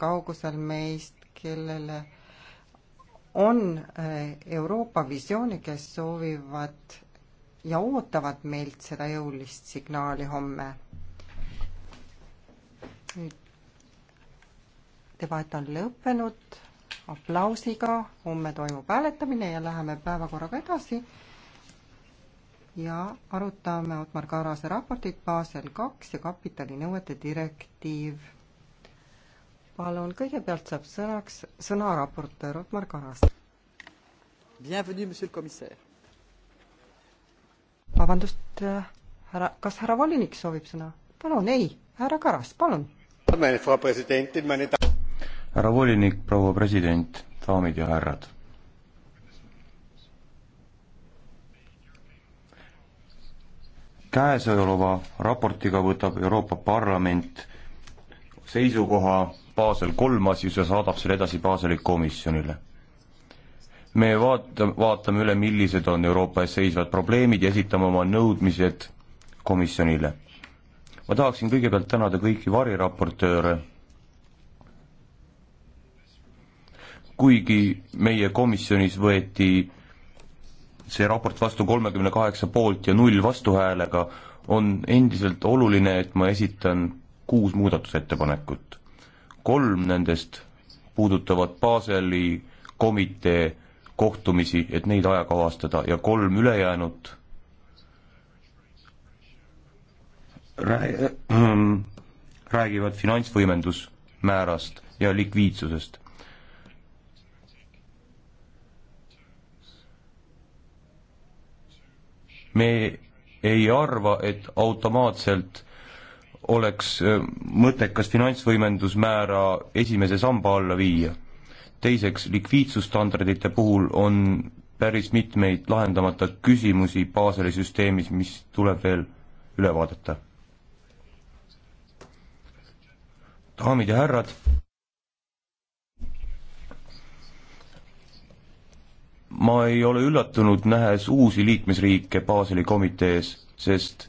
kaugusel meist, kellele on äh, Euroopa visiooni, kes soovivad ja ootavad meilt seda jõulist signaali homme. nüüd debatt on lõppenud aplausiga, homme toimub hääletamine ja läheme päevakorraga edasi ja arutame Otmar Karase raportit Basel kaks ja kapitalinõuete direktiiv palun, kõigepealt saab sõnaks, sõna raportöör Otmar Karas. vabandust, äh, härra, kas härra volinik soovib sõna? palun, ei, härra Karas, palun. härra volinik, proua president, daamid ja härrad käesoleva raportiga võtab Euroopa Parlament seisukoha Basel kolm asjus ja saadab selle edasi Baseli komisjonile. me vaata-, vaatame üle, millised on Euroopa ees seisvad probleemid ja esitame oma nõudmised komisjonile. ma tahaksin kõigepealt tänada kõiki variraportööre, kuigi meie komisjonis võeti see raport vastu kolmekümne kaheksa poolt ja null vastuhäälega, on endiselt oluline, et ma esitan kuus muudatusettepanekut kolm nendest puudutavad Baseli komitee kohtumisi, et neid ajakavastada ja kolm ülejäänut ähm, räägivad finantsvõimendusmäärast ja likviidsusest. me ei arva, et automaatselt oleks mõttekas finantsvõimendusmäära esimese samba alla viia. teiseks, likviidsusstandardite puhul on päris mitmeid lahendamata küsimusi Baseli süsteemis, mis tuleb veel üle vaadata. daamid ja härrad, ma ei ole üllatunud, nähes uusi liikmesriike Baseli komitees, sest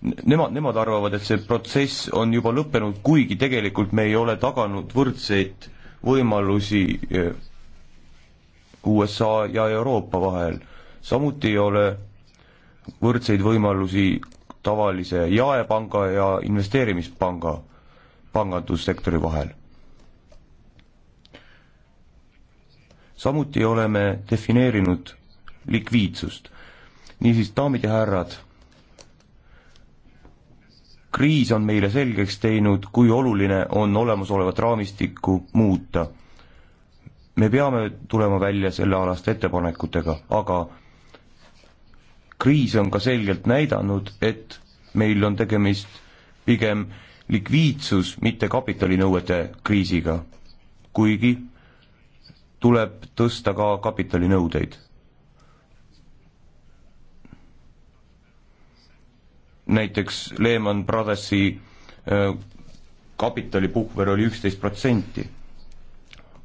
nemad, nemad arvavad, et see protsess on juba lõppenud, kuigi tegelikult me ei ole taganud võrdseid võimalusi eh, USA ja Euroopa vahel. samuti ei ole võrdseid võimalusi tavalise jaepanga ja investeerimispanga, pangandussektori vahel. samuti oleme defineerinud likviidsust. niisiis, daamid ja härrad kriis on meile selgeks teinud, kui oluline on olemasolevat raamistikku muuta. me peame tulema välja sellealaste ettepanekutega, aga kriis on ka selgelt näidanud, et meil on tegemist pigem likviidsus, mitte kapitalinõuete kriisiga. kuigi tuleb tõsta ka kapitalinõudeid näiteks Lehman Brothersi äh, kapitalipuhver oli üksteist protsenti.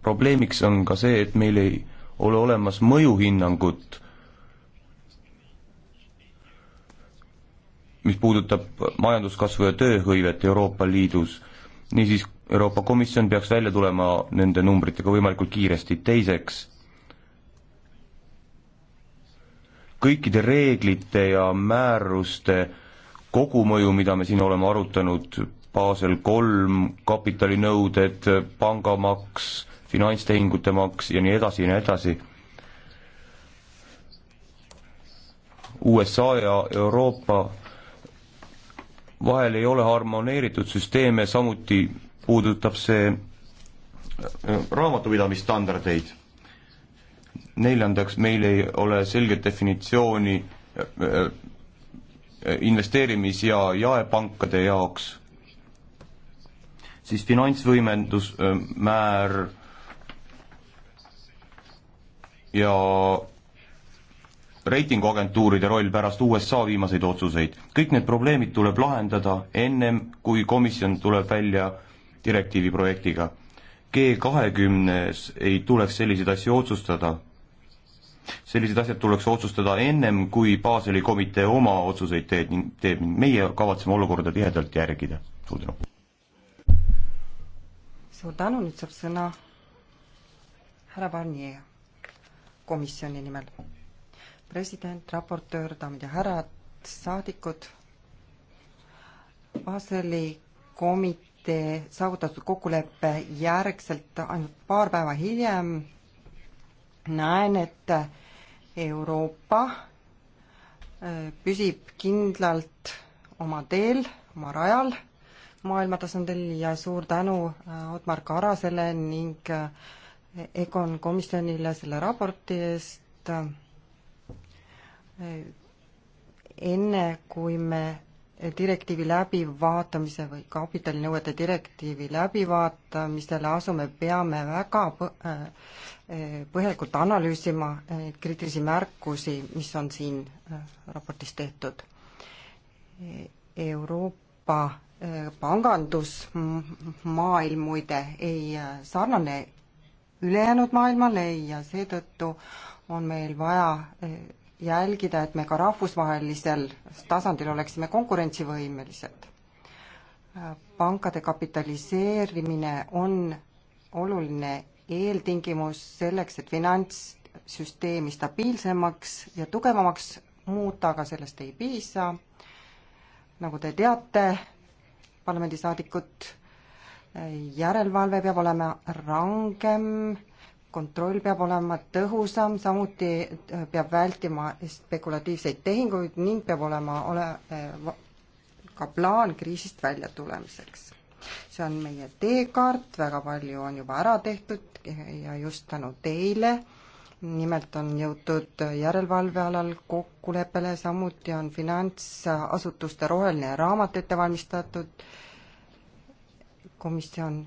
probleemiks on ka see, et meil ei ole olemas mõjuhinnangut, mis puudutab majanduskasvu ja tööhõivet Euroopa Liidus, niisiis Euroopa Komisjon peaks välja tulema nende numbritega võimalikult kiiresti, teiseks kõikide reeglite ja määruste äh, kogumõju, mida me siin oleme arutanud, Basel kolm, kapitalinõuded, pangamaks, finantstehingute maks ja nii edasi ja nii edasi. USA ja Euroopa vahel ei ole harmoneeritud süsteeme, samuti puudutab see äh, raamatupidamisstandardeid. neljandaks, meil ei ole selget definitsiooni äh, äh, investeerimis- ja jaepankade jaoks, siis finantsvõimendusmäär ja reitinguagentuuride roll pärast USA viimaseid otsuseid. kõik need probleemid tuleb lahendada ennem, kui komisjon tuleb välja direktiivi projektiga. G kahekümnes ei tuleks selliseid asju otsustada sellised asjad tuleks otsustada ennem, kui Baseli komitee oma otsuseid teeb ning teeb ning meie kavatseme olukorda tihedalt järgida. suur tänu. suur tänu, nüüd saab sõna härra Barnier komisjoni nimel. president, raportöör, daamid ja härrad, saadikud, Baseli komitee saavutatud kokkuleppe järgselt ainult paar päeva hiljem näen, et Euroopa äh, püsib kindlalt oma teel, oma rajal maailma tasandil ja suur tänu äh, Otmar Karasele ning äh, Egon komisjonile selle raporti eest. enne kui me direktiivi läbivaatamise või kapitalinõuete direktiivi läbivaatamisele asume, peame väga äh, põhjalikult analüüsima neid kriitilisi märkusi, mis on siin äh, raportis tehtud. Euroopa äh, pangandusmaailm muide ei sarnane ülejäänud maailmale ja seetõttu on meil vaja jälgida, et me ka rahvusvahelisel tasandil oleksime konkurentsivõimelised. pankade kapitaliseerimine on oluline eeltingimus selleks, et finantssüsteemi stabiilsemaks ja tugevamaks muuta, aga sellest ei piisa. nagu te teate, parlamendisaadikud, järelevalve peab olema rangem kontroll peab olema tõhusam, samuti äh, peab vältima spekulatiivseid tehinguid ning peab olema ole, äh, ka plaan kriisist välja tulemiseks. see on meie teekaart, väga palju on juba ära tehtud ja just tänu teile, nimelt on jõutud järelevalve alal kokkuleppele, samuti on finantsasutuste roheline raamat ette valmistatud, komisjon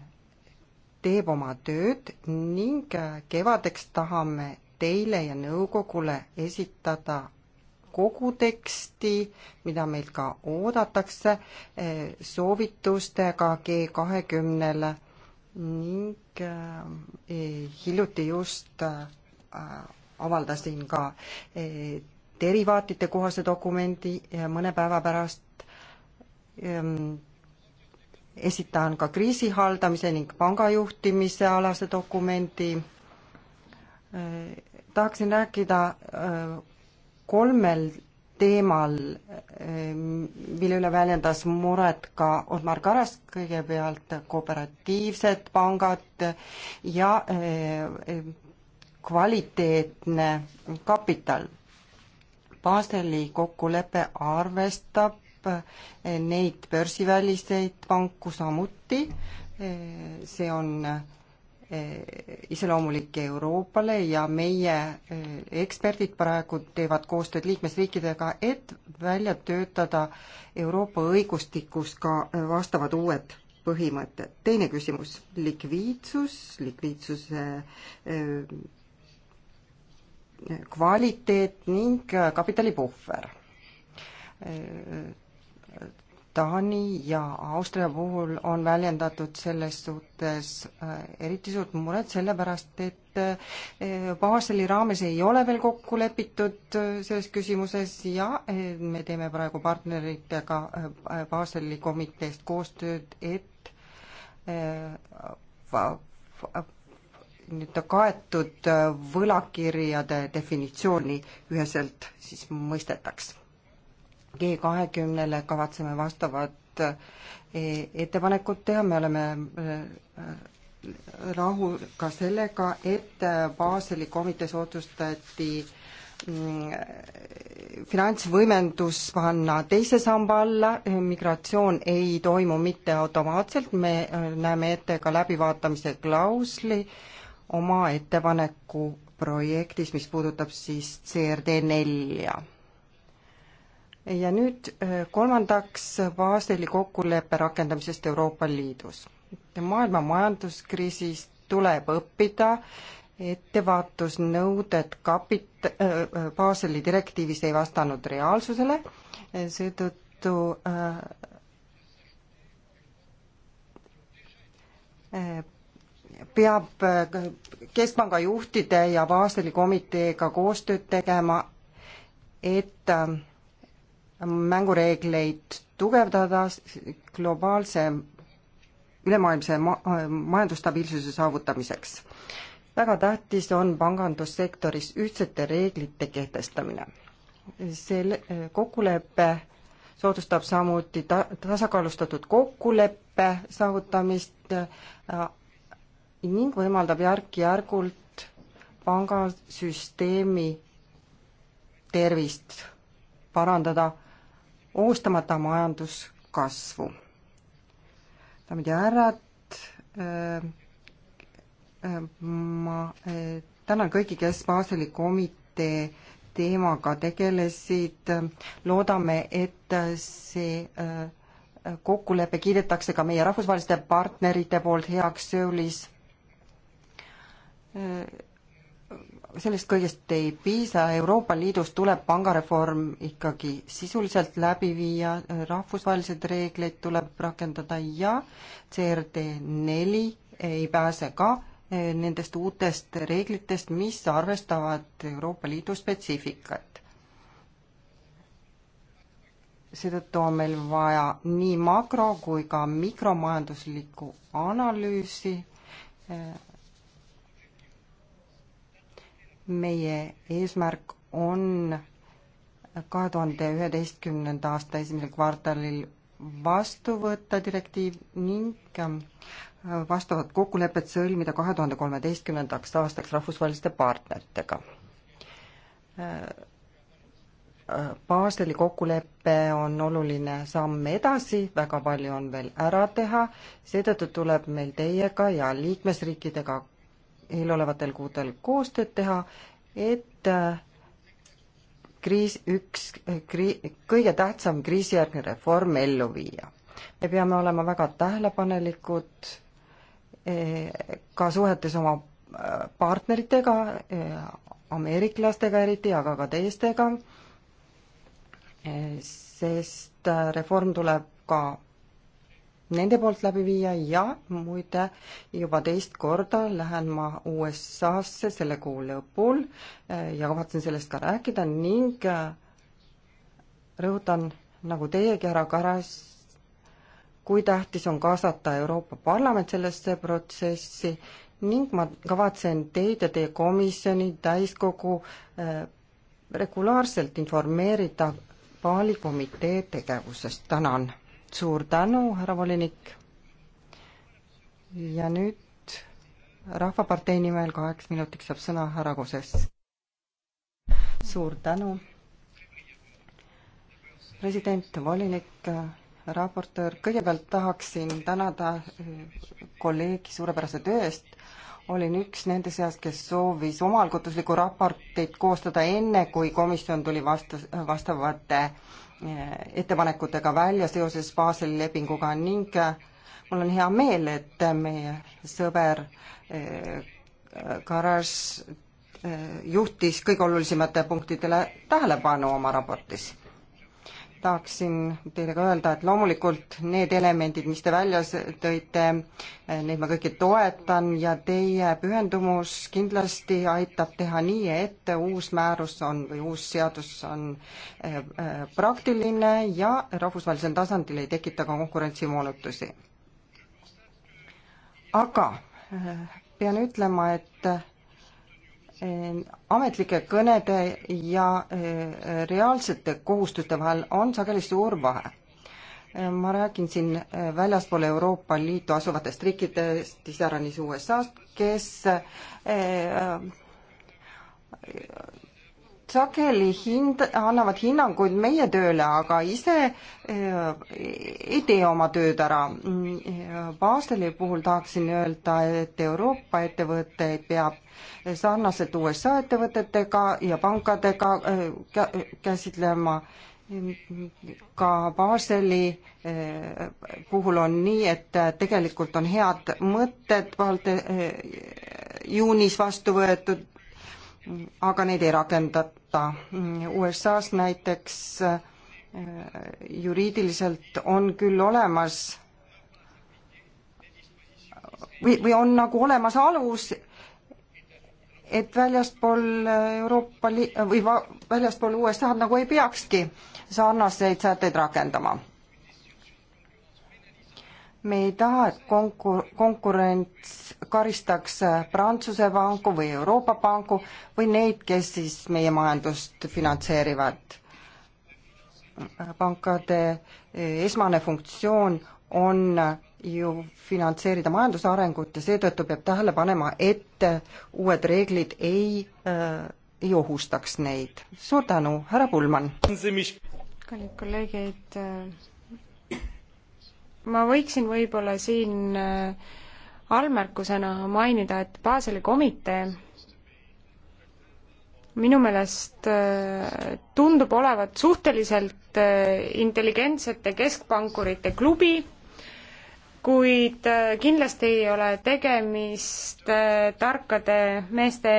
teeb oma tööd ning äh, kevadeks tahame teile ja nõukogule esitada kogu teksti, mida meilt ka oodatakse, äh, soovitustega G kahekümnele ning äh, e, hiljuti just avaldasin ka e, derivaatide kohase dokumendi mõne päeva pärast ehm, esitan ka kriisihaldamise ning pangajuhtimise alase dokumendi. Äh, tahaksin rääkida äh, kolmel teemal, äh, mille üle väljendas muret ka Otmar Karas, kõigepealt kooperatiivsed pangad ja kvaliteetne kapital. Baseli kokkulepe arvestab Eh, neid börsiväliseid panku samuti, eh, see on eh, iseloomulik Euroopale ja meie eksperdid praegu teevad koostööd liikmesriikidega, et välja töötada Euroopa õigustikus ka vastavad uued põhimõtted. teine küsimus, likviidsus, likviidsuse kvaliteet ning kapitalipuhver Taani ja Austria puhul on väljendatud selles suhtes äh, eriti suurt muret, sellepärast et äh, Baseli raames ei ole veel kokku lepitud äh, selles küsimuses ja me teeme praegu partneritega Baseli komiteest koostööd, et nii-öelda kaetud võlakirjade definitsiooni üheselt siis mõistetaks G kahekümnele kavatseme vastavad eh, ettepanekud teha, me oleme eh, rahul ka sellega, et eh, Baseli komitees otsustati mm, finantsvõimendus panna teise samba alla, migratsioon ei toimu mitte automaatselt, me näeme ette ka läbivaatamise klausli oma ettepaneku projektis, mis puudutab siis CRD nelja ja nüüd äh, kolmandaks, Baseli kokkuleppe rakendamisest Euroopa Liidus. maailma majanduskriisist tuleb õppida, ettevaatusnõuded kapit-, äh, äh, Baseli direktiivis ei vastanud reaalsusele, seetõttu peab Keskpanga juhtide ja Baseli komiteega koostööd tegema, et äh, mängureegleid tugevdada, globaalse ülemaailmse ma-, majandusstabiilsuse saavutamiseks. väga tähtis on pangandussektoris ühtsete reeglite kehtestamine. selle kokkulepe soodustab samuti ta-, tasakaalustatud kokkuleppe saavutamist äh, ning võimaldab järk-järgult pangasüsteemi tervist parandada oostamata majanduskasvu. daamid ja härrad, äh, äh, ma äh, tänan kõiki, kes Baseli komitee teemaga tegelesid, loodame, et see kokkulepe kiidetakse ka meie rahvusvaheliste partnerite poolt heaks Sõulis sellest kõigest ei piisa, Euroopa Liidus tuleb pangareform ikkagi sisuliselt läbi viia, rahvusvahelised reegleid tuleb rakendada ja CRD neli ei pääse ka eh, nendest uutest reeglitest, mis arvestavad Euroopa Liidu spetsiifikat. seetõttu on meil vaja nii makro- kui ka mikromajanduslikku analüüsi eh, meie eesmärk on kahe tuhande üheteistkümnenda aasta esimesel kvartalil vastu võtta direktiiv ning äh, vastavad kokkulepped sõlmida kahe tuhande kolmeteistkümnendaks aastaks rahvusvaheliste partneritega. Äh, äh, Baseli kokkulepe on oluline samm edasi, väga palju on veel ära teha, seetõttu tuleb meil teiega ja liikmesriikidega eelolevatel kuudel koostööd teha, et äh, kriis, üks äh, krii-, kõige tähtsam kriisijärgne reform ellu viia. me peame olema väga tähelepanelikud eh, ka suhetes oma äh, partneritega, eh, ameeriklastega eriti, aga ka teistega, eh, sest reform tuleb ka nende poolt läbi viia ja muide juba teist korda lähen ma USA-sse selle kuu lõpul eh, ja kavatsen sellest ka rääkida ning eh, rõhutan nagu teiegi, härra Karas, kui tähtis on kaasata Euroopa Parlament sellesse protsessi ning ma kavatsen teid ja teie komisjoni täiskogu eh, regulaarselt informeerida Paali komitee tegevusest, tänan suur tänu, härra volinik. ja nüüd Rahvapartei nimel kaheks minutiks saab sõna härra Koses. suur tänu. president, volinik, raportöör, kõigepealt tahaksin tänada eh, kolleegi suurepärase töö eest olin üks nende seas, kes soovis omalkotuslikku raportit koostada enne, kui komisjon tuli vastu, vastavate ettepanekutega välja seoses Baseli lepinguga ning äh, mul on hea meel, et meie sõber äh, Karas äh, juhtis kõige olulisematele punktidele tähelepanu oma raportis tahaksin teile ka öelda, et loomulikult need elemendid, mis te välja tõite, neid ma kõiki toetan ja teie pühendumus kindlasti aitab teha nii, et uus määrus on või uus seadus on eh, eh, praktiline ja rahvusvahelisel tasandil ei tekita ka konkurentsimoonutusi. aga eh, pean ütlema, et Ehm, ametlike kõnede ja eh, reaalsete kohustuste vahel on sageli suur vahe. Ehm, ma räägin siin eh, väljaspool Euroopa Liitu asuvatest riikidest, iseäranis USA-st, kes eh, sageli hind, annavad hinnanguid meie tööle, aga ise eh, ei tee oma tööd ära. Baseli puhul tahaksin öelda, et Euroopa ettevõtteid peab sarnaselt USA ettevõtetega ja pankadega eh, käsitlema ka Baseli eh, puhul on nii, et tegelikult on head mõtted juunis vastu võetud, aga neid ei rakendata. USA-s näiteks äh, juriidiliselt on küll olemas või, või on nagu olemas alus, et väljaspool Euroopa Li- või va-, väljaspool USA-d nagu ei peakski sarnaseid sätteid rakendama me ei taha, et konkur-, konkurents karistaks Prantsuse panku või Euroopa panku või neid, kes siis meie majandust finantseerivad. pankade e, esmane funktsioon on ju finantseerida majanduse arengut ja seetõttu peab tähele panema, et uued reeglid ei äh,, ei ohustaks neid. suur tänu, härra Pullmann! kallid kolleegid äh ma võiksin võib-olla siin äh, allmärkusena mainida, et Baseli komitee minu meelest äh, tundub olevat suhteliselt äh, intelligentsete keskpankurite klubi, kuid kindlasti ei ole tegemist tarkade meeste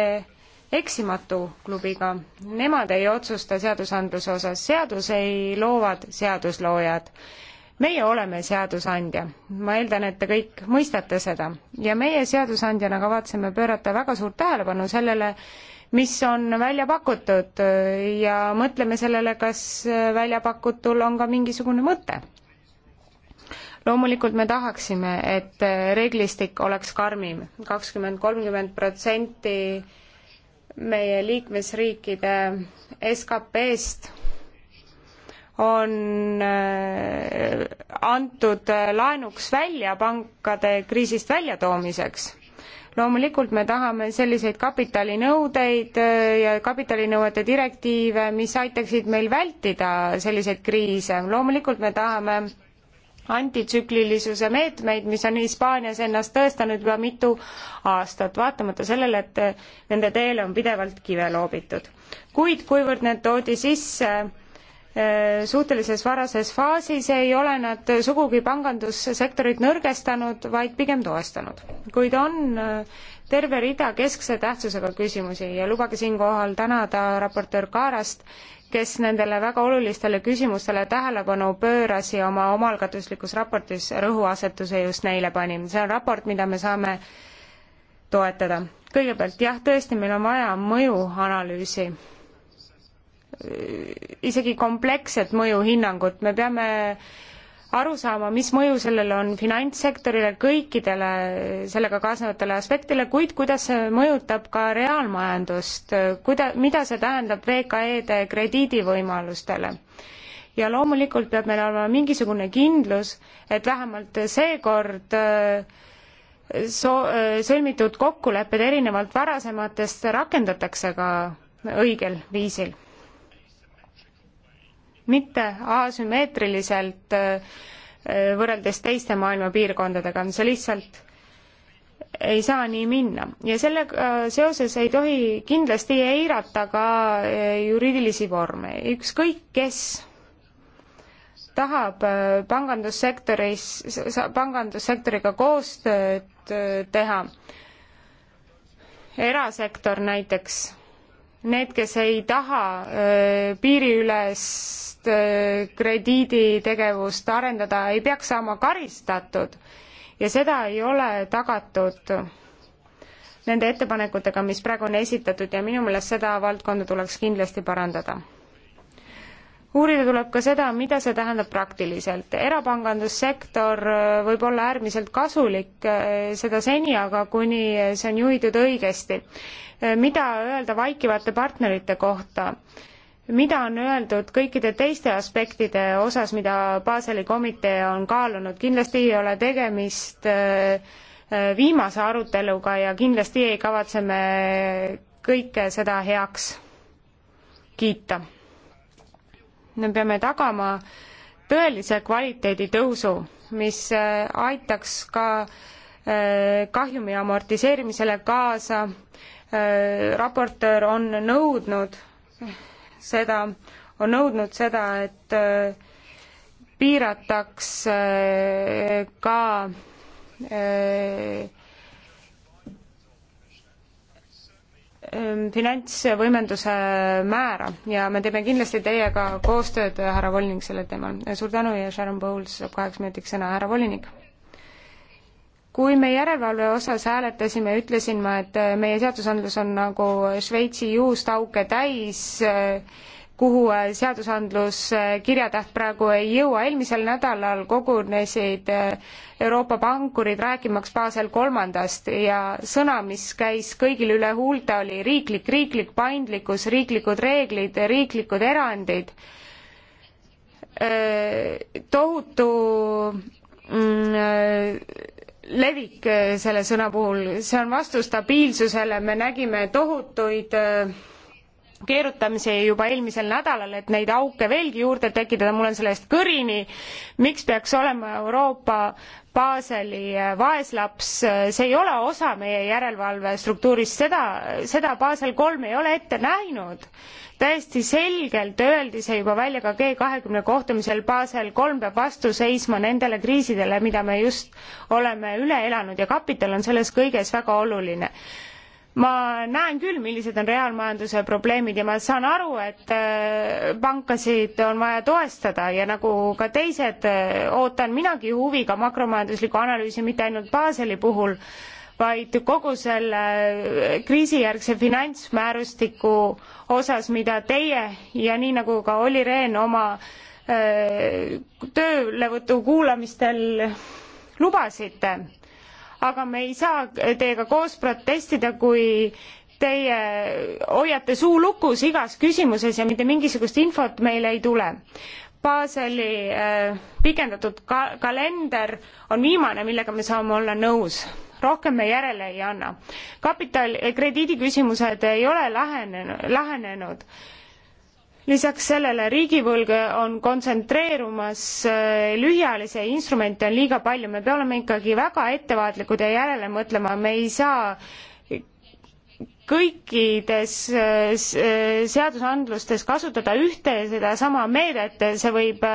eksimatu klubiga. Nemad ei otsusta seadusandluse osas, seadusi loovad seadusloojad meie oleme seadusandja, ma eeldan, et te kõik mõistate seda ja meie seadusandjana kavatseme pöörata väga suurt tähelepanu sellele, mis on välja pakutud ja mõtleme sellele, kas välja pakutul on ka mingisugune mõte. loomulikult me tahaksime, et reeglistik oleks karmim, kakskümmend, kolmkümmend protsenti meie liikmesriikide SKP-st on äh, antud äh, laenuks välja pankade kriisist väljatoomiseks. loomulikult me tahame selliseid kapitalinõudeid äh, ja kapitalinõuete direktiive, mis aitaksid meil vältida selliseid kriise, loomulikult me tahame antitsüklilisuse meetmeid, mis on Hispaanias ennast tõestanud juba mitu aastat, vaatamata sellele, et nende teele on pidevalt kive loobitud. kuid kuivõrd need toodi sisse Äh, suhtelises varases faasis ei ole nad sugugi pangandussektorit nõrgestanud, vaid pigem toestanud. kuid on äh, terve rida keskse tähtsusega küsimusi ja lubage siinkohal tänada raportöör Kaarast, kes nendele väga olulistele küsimustele tähelepanu pööras ja oma omalgatuslikus raportis rõhuasetuse just neile pani. see on raport, mida me saame toetada. kõigepealt jah, tõesti, meil on vaja mõjuanalüüsi isegi kompleksset mõjuhinnangut, me peame aru saama, mis mõju sellel on finantssektorile, kõikidele sellega kaasnevatele aspektile, kuid kuidas see mõjutab ka reaalmajandust, kuida-, mida see tähendab VKE-de krediidivõimalustele. ja loomulikult peab meil olema mingisugune kindlus, et vähemalt seekord äh, so-, äh, sõlmitud kokkulepped erinevalt varasematest rakendatakse ka õigel viisil mitte asümmeetriliselt äh, äh, võrreldes teiste maailma piirkondadega, see lihtsalt ei saa nii minna ja sellega äh, seoses ei tohi kindlasti eirata ka juriidilisi vorme, ükskõik kes tahab pangandussektoris, pangandussektoriga koostööd teha, erasektor näiteks need, kes ei taha äh, piiriülest äh, krediiditegevust arendada, ei peaks saama karistatud ja seda ei ole tagatud nende ettepanekutega, mis praegu on esitatud ja minu meelest seda valdkonda tuleks kindlasti parandada uurida tuleb ka seda, mida see tähendab praktiliselt. erapangandussektor äh, võib olla äärmiselt kasulik, äh, seda seni aga, kuni see on juhitud õigesti. Äh, mida öelda vaikivate partnerite kohta? mida on öeldud kõikide teiste aspektide osas, mida Baseli komitee on kaalunud, kindlasti ei ole tegemist viimase aruteluga ja kindlasti ei kavatse me kõike seda heaks kiita me peame tagama tõelise kvaliteedi tõusu, mis äh, aitaks ka äh, kahjumi amortiseerimisele kaasa. Äh, raportöör on nõudnud seda, on nõudnud seda, et piirataks ka Ähm, finantsvõimenduse määra ja me teeme kindlasti teiega koostööd, härra volinik, sellel teemal. suur tänu ja Sharon Bowles saab kaheks minutiks sõna, härra volinik kui me järelevalve osas hääletasime, ütlesin ma, et äh, meie seadusandlus on nagu Šveitsi juustauke täis äh, kuhu äh, seadusandlus äh, kirjatäht praegu ei jõua. eelmisel nädalal kogunesid äh, Euroopa pankurid rääkimaks Basel kolmandast ja sõna, mis käis kõigil üle huulte, oli riiklik, riiklik paindlikkus, riiklikud reeglid, riiklikud erandid, tohutu mm, levik selle sõna puhul, see on vastu stabiilsusele, me nägime tohutuid öö, keerutamisi juba eelmisel nädalal, et neid auke veelgi juurde tekitada, mul on selle eest kõrini. miks peaks olema Euroopa Baseli äh, vaeslaps, äh, see ei ole osa meie järelevalvestruktuurist, seda, seda Basel kolm ei ole ette näinud. täiesti selgelt öeldi see juba välja ka G kahekümne kohtumisel, Basel kolm peab vastu seisma nendele kriisidele, mida me just oleme üle elanud ja kapital on selles kõiges väga oluline ma näen küll, millised on reaalmajanduse probleemid ja ma saan aru, et äh, pankasid on vaja toestada ja nagu ka teised, äh, ootan minagi huviga makromajanduslikku analüüsi mitte ainult Baseli puhul, vaid kogu selle äh, kriisijärgse finantsmäärustiku osas, mida teie ja nii nagu ka Olli Rehn oma töölevõtu kuulamistel lubasite aga me ei saa teiega koos protestida, kui teie hoiate suu lukus igas küsimuses ja mitte mingisugust infot meile ei tule. Baseli äh, pikendatud ka-, kalender on viimane, millega me saame olla nõus. rohkem me järele ei anna. kapital, krediidiküsimused ei ole lahenenud, lahenenud lisaks sellele riigivõlg on kontsentreerumas äh, lühiajalisi instrumente on liiga palju, me peame ikkagi väga ettevaatlikud ja järele mõtlema, me ei saa kõikides äh, äh, seadusandlustes kasutada ühte ja sedasama meedet, see võib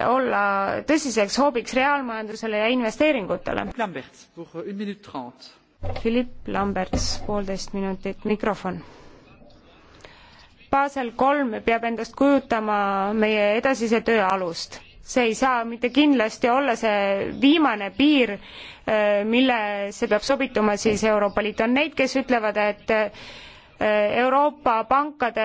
olla tõsiseks hoobiks reaalmajandusele ja investeeringutele. Philipp Lamberts, poolteist minutit, mikrofon Basel kolm peab endast kujutama meie edasise töö alust. see ei saa mitte kindlasti olla see viimane piir, äh, millesse peab sobituma siis Euroopa Liit. on neid, kes ütlevad, et Euroopa pankade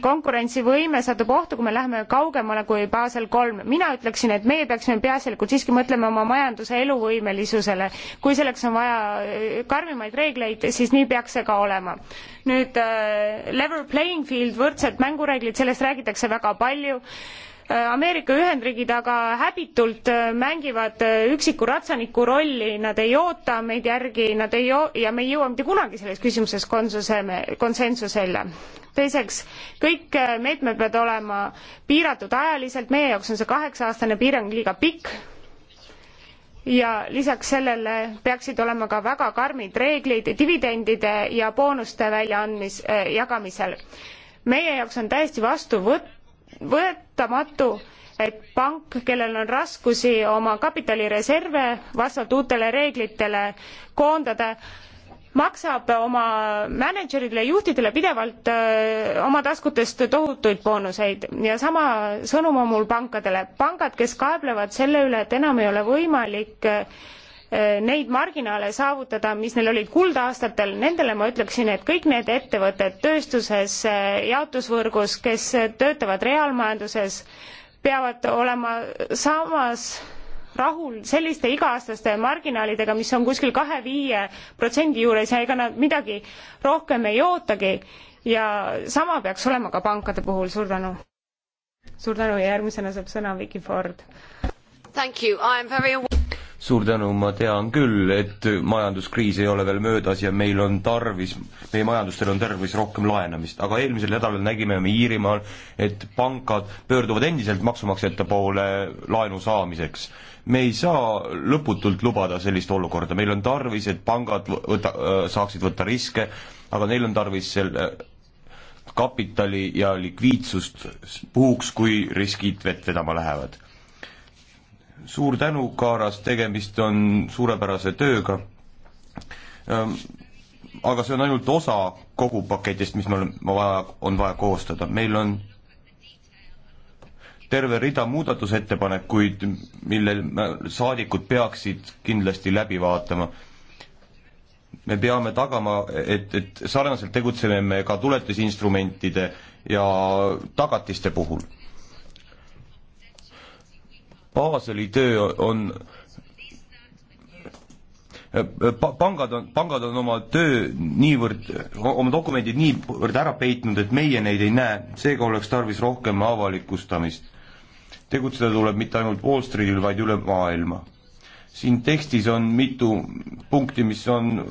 konkurentsivõime satub ohtu, kui me läheme kaugemale kui Basel kolm. mina ütleksin, et meie peaksime peaasjalikult siiski mõtlema oma majanduse eluvõimelisusele. kui selleks on vaja äh, karmimaid reegleid, siis nii peaks see ka olema. nüüd äh, level playing field, võrdsed mängureeglid, sellest räägitakse väga palju Äh, Ameerika Ühendriigid aga häbitult äh, mängivad äh, üksiku ratsaniku rolli, nad ei oota meid järgi, nad ei oo- ja me ei jõua mitte kunagi selles küsimuses konsuse-, konsensusele. teiseks, kõik meetmed peavad olema piiratud ajaliselt, meie jaoks on see kaheksa-aastane piirang liiga pikk, ja lisaks sellele peaksid olema ka väga karmid reeglid dividendide ja boonuste väljaandmis- äh,, jagamisel. meie jaoks on täiesti vastuvõt-, võet-, paratamatu, et pank, kellel on raskusi oma kapitalireserve vastavalt uutele reeglitele koondada, maksab oma mänedžeridele, juhtidele pidevalt öö, oma taskutest tohutuid boonuseid ja sama sõnum on mul pankadele. pangad, kes kaeblevad selle üle, et enam ei ole võimalik öö, Eh, neid marginaale saavutada, mis neil olid kuldaastatel, nendele ma ütleksin, et kõik need ettevõtted tööstuses, eh, jaotusvõrgus, kes töötavad reaalmajanduses, peavad olema samas rahul selliste iga-aastaste marginaalidega, mis on kuskil kahe-viie protsendi juures ja ega nad midagi rohkem ei ootagi. ja sama peaks olema ka pankade puhul, suur tänu. suur tänu ja järgmisena saab sõna Vicky Ford. Thank you, I am very suur tänu, ma tean küll, et majanduskriis ei ole veel möödas ja meil on tarvis, meie majandustel on tarvis rohkem laenamist, aga eelmisel nädalal nägime me Iirimaal, et pangad pöörduvad endiselt maksumaksjate poole laenu saamiseks. me ei saa lõputult lubada sellist olukorda, meil on tarvis, et pangad võta, saaksid võtta riske, aga neil on tarvis selle kapitali ja likviidsust puhuks, kui riskid vett vedama lähevad suur tänu, Kaaras, tegemist on suurepärase tööga. Ehm, aga see on ainult osa kogu paketist, mis meil on vaja, on vaja koostada, meil on terve rida muudatusettepanekuid, millel saadikud peaksid kindlasti läbi vaatama. me peame tagama, et, et sarnaselt tegutseme me ka tuletisinstrumentide ja tagatiste puhul Baseli töö on pa-, pangad on, pangad on oma töö niivõrd, oma dokumendid niivõrd ära peitnud, et meie neid ei näe, seega oleks tarvis rohkem avalikustamist. tegutseda tuleb mitte ainult Wall Streetil, vaid üle maailma. siin tekstis on mitu punkti, mis on,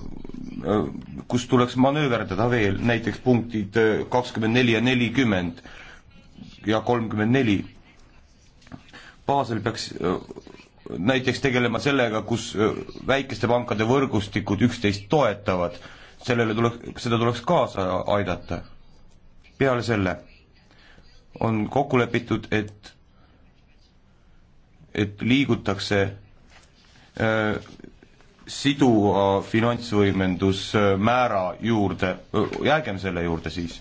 kus tuleks manööverdada veel, näiteks punktid äh, kakskümmend neli ja nelikümmend ja kolmkümmend neli Basel peaks näiteks tegelema sellega, kus väikeste pankade võrgustikud üksteist toetavad, sellele tuleks, seda tuleks kaasa aidata. peale selle on kokku lepitud, et, et liigutakse äh, siduva äh, finantsvõimendusmäära äh, juurde, jäägem selle juurde siis.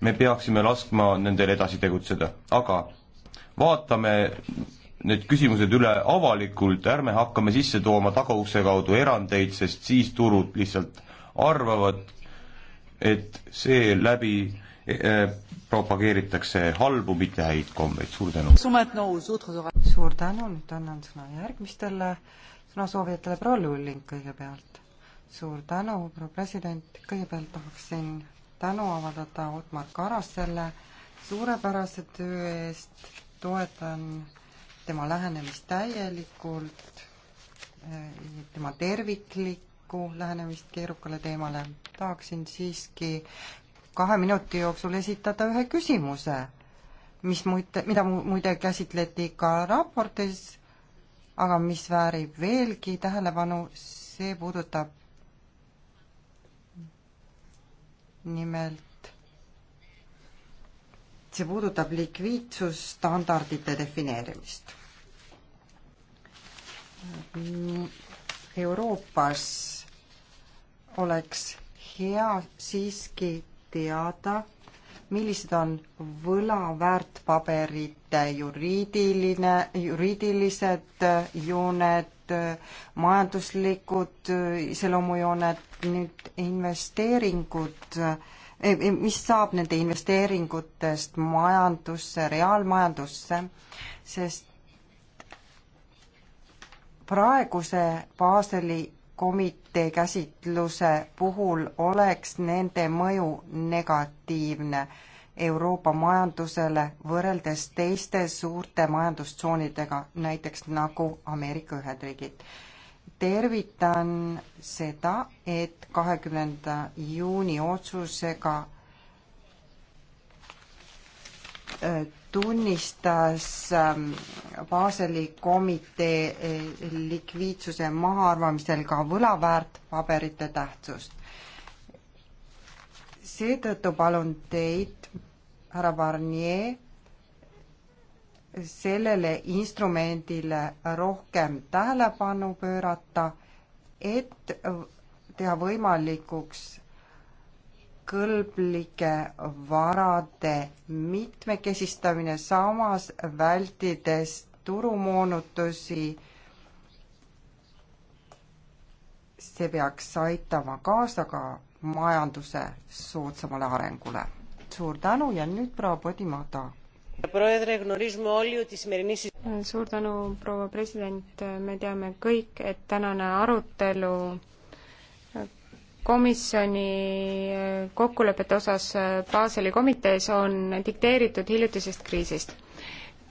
me peaksime laskma nendel edasi tegutseda, aga vaatame need küsimused üle avalikult, ärme hakkame sisse tooma tagaukse kaudu erandeid, sest siis turud lihtsalt arvavad, et seeläbi eh, propageeritakse halbu, mitte häid kombeid, suur tänu. suur tänu, nüüd annan sõna järgmistele sõnasoovijatele, proua Lulling kõigepealt. suur tänu, proua president, kõigepealt tahaksin tänu avaldada Otmar Karasele suurepärase töö eest toetan tema lähenemist täielikult, eh, tema terviklikku lähenemist keerukale teemale. tahaksin siiski kahe minuti jooksul esitada ühe küsimuse, mis muide, mida muide käsitleti ka raportis, aga mis väärib veelgi tähelepanu, see puudutab nimelt see puudutab likviidsusstandardite defineerimist. Euroopas oleks hea siiski teada, millised on võla väärtpaberite juriidiline, juriidilised jooned, majanduslikud iseloomujooned, nüüd investeeringud äh, mis saab nende investeeringutest majandusse, reaalmajandusse, sest praeguse Baseli komitee käsitluse puhul oleks nende mõju negatiivne Euroopa majandusele võrreldes teiste suurte majandustsoonidega, näiteks nagu Ameerika Ühendriigid tervitan seda, et kahekümnenda juuni otsusega äh, tunnistas ähm, Baseli komitee äh, likviidsuse mahaarvamisel ka võlaväärtpaberite tähtsust. seetõttu palun teid, härra Barnier, sellele instrumendile rohkem tähelepanu pöörata, et teha võimalikuks kõlblike varade mitmekesistamine, samas vältides turumoonutusi. see peaks aitama kaasa ka majanduse soodsamale arengule. suur tänu ja nüüd proua Podimata suur tänu, proua president, me teame kõik, et tänane arutelu komisjoni kokkulepete osas Baseli komitees on dikteeritud hiljutisest kriisist.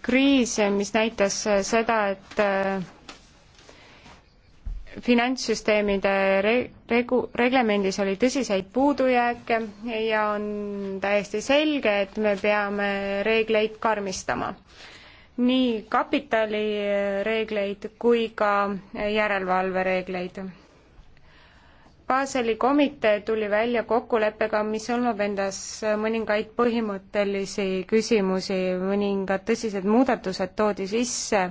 kriis, mis näitas seda, et finantssüsteemide regu-, reglemendis oli tõsiseid puudujääke ja on täiesti selge, et me peame reegleid karmistama. nii kapitalireegleid kui ka järelevalvereegleid. Baseli komitee tuli välja kokkuleppega, mis hõlmab endas mõningaid põhimõttelisi küsimusi, mõningad tõsised muudatused toodi sisse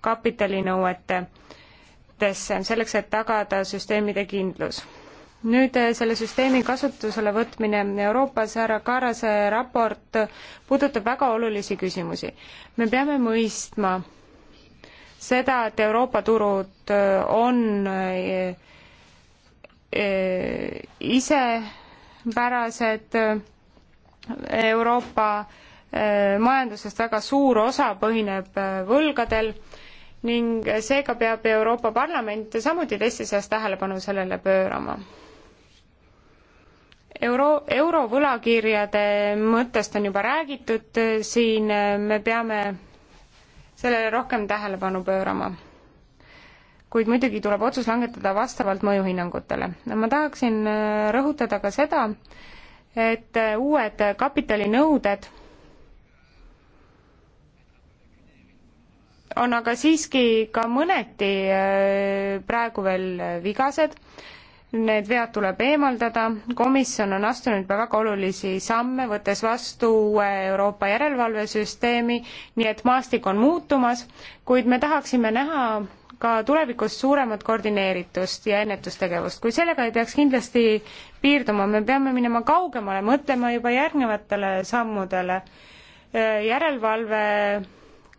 kapitalinõuete äh, meetmetesse, selleks et tagada süsteemide kindlus nüüd eh, selle süsteemi kasutusele võtmine Euroopas, härra Kaarase raport puudutab väga olulisi küsimusi. me peame mõistma seda, et Euroopa turud eh, on eh, isepärased, Euroopa majandusest väga suur osa põhineb võlgadel ning seega peab Euroopa Parlament samuti teiste seas tähelepanu sellele pöörama. Euro, eurovõlakirjade mõttest on juba räägitud, siin me peame sellele rohkem tähelepanu pöörama. kuid muidugi tuleb otsus langetada vastavalt mõjuhinnangutele. ma tahaksin rõhutada ka seda, et uued kapitalinõuded on aga siiski ka mõneti äh, praegu veel vigased. Need vead tuleb eemaldada, komisjon on astunud väga olulisi samme, võttes vastu uue Euroopa järelevalvesüsteemi, nii et maastik on muutumas, kuid me tahaksime näha ka tulevikus suuremat koordineeritust ja ennetustegevust. kui sellega ei peaks kindlasti piirduma, me peame minema kaugemale, mõtlema juba järgnevatele sammudele. Äh, järelevalve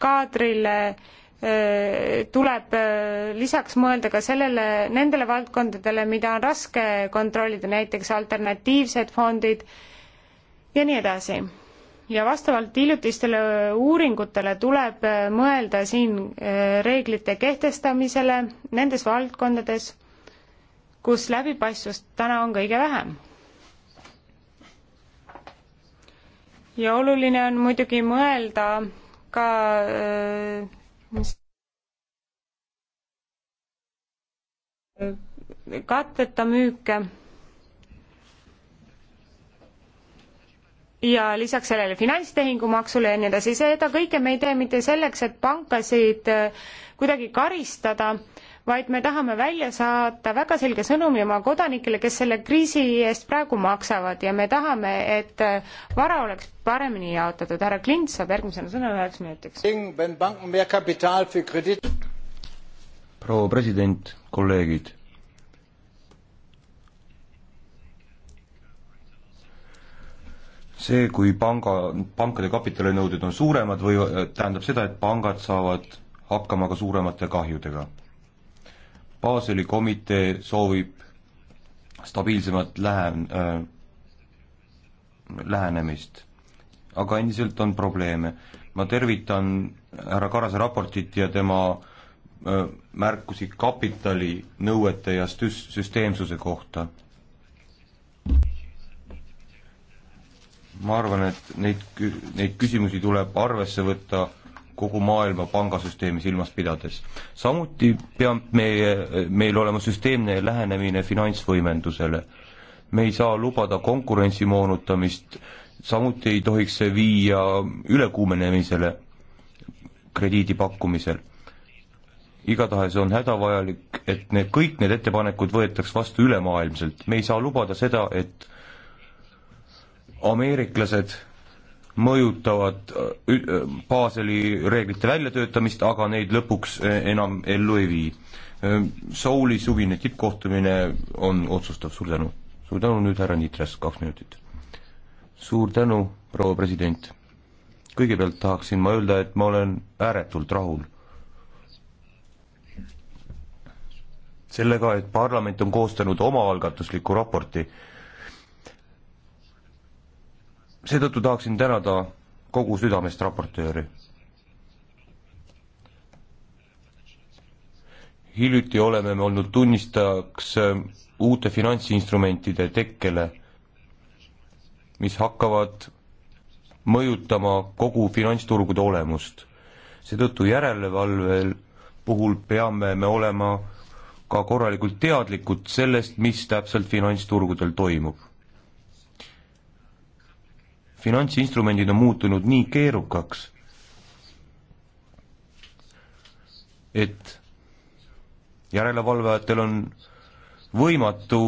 kaadrile tuleb lisaks mõelda ka sellele, nendele valdkondadele, mida on raske kontrollida, näiteks alternatiivsed fondid ja nii edasi. ja vastavalt hiljutistele uuringutele tuleb mõelda siin reeglite kehtestamisele nendes valdkondades, kus läbipaistvust täna on kõige vähem. ja oluline on muidugi mõelda ka äh, katteta müüke. ja lisaks sellele finantstehingumaksule ja nii edasi, seda kõike me ei tee mitte selleks, et pankasid äh, kuidagi karistada vaid me tahame välja saata väga selge sõnumi oma kodanikele, kes selle kriisi eest praegu maksavad ja me tahame, et äh, vara oleks paremini jaotatud. härra Klint saab järgmisena sõna üheks minutiks. proua president, kolleegid. see, kui panga, pankade kapitalinõuded on suuremad või tähendab seda, et pangad saavad hakkama ka suuremate kahjudega Baseli komitee soovib stabiilsemat lähen- äh,, lähenemist. aga endiselt on probleeme. ma tervitan härra Karase raportit ja tema äh, märkusi kapitali nõuete ja stüs-, süsteemsuse kohta. ma arvan, et neid, neid küsimusi tuleb arvesse võtta kogu maailma pangasüsteemi silmas pidades. samuti peab meie, meil olema süsteemne lähenemine finantsvõimendusele. me ei saa lubada konkurentsi moonutamist, samuti ei tohiks see viia ülekuumenemisele krediidi pakkumisel. igatahes on hädavajalik, et need, kõik need ettepanekud võetaks vastu ülemaailmselt, me ei saa lubada seda, et ameeriklased mõjutavad äh, äh, Baseli reeglite väljatöötamist, aga neid lõpuks äh, enam ellu ei vii. Souli suvine tippkohtumine on otsustav, suur tänu. suur tänu, nüüd härra Nitras, kaks minutit. suur tänu, proua president. kõigepealt tahaksin ma öelda, et ma olen ääretult rahul sellega, et parlament on koostanud omaalgatusliku raporti seetõttu tahaksin tänada kogu südamest raportööri. hiljuti oleme me olnud tunnistajaks uute finantsinstrumentide tekkele, mis hakkavad mõjutama kogu finantsturgude olemust. seetõttu järelevalvel puhul peame me olema ka korralikult teadlikud sellest, mis täpselt finantsturgudel toimub finantsinstrumendid on muutunud nii keerukaks, et järelevalvajatel on võimatu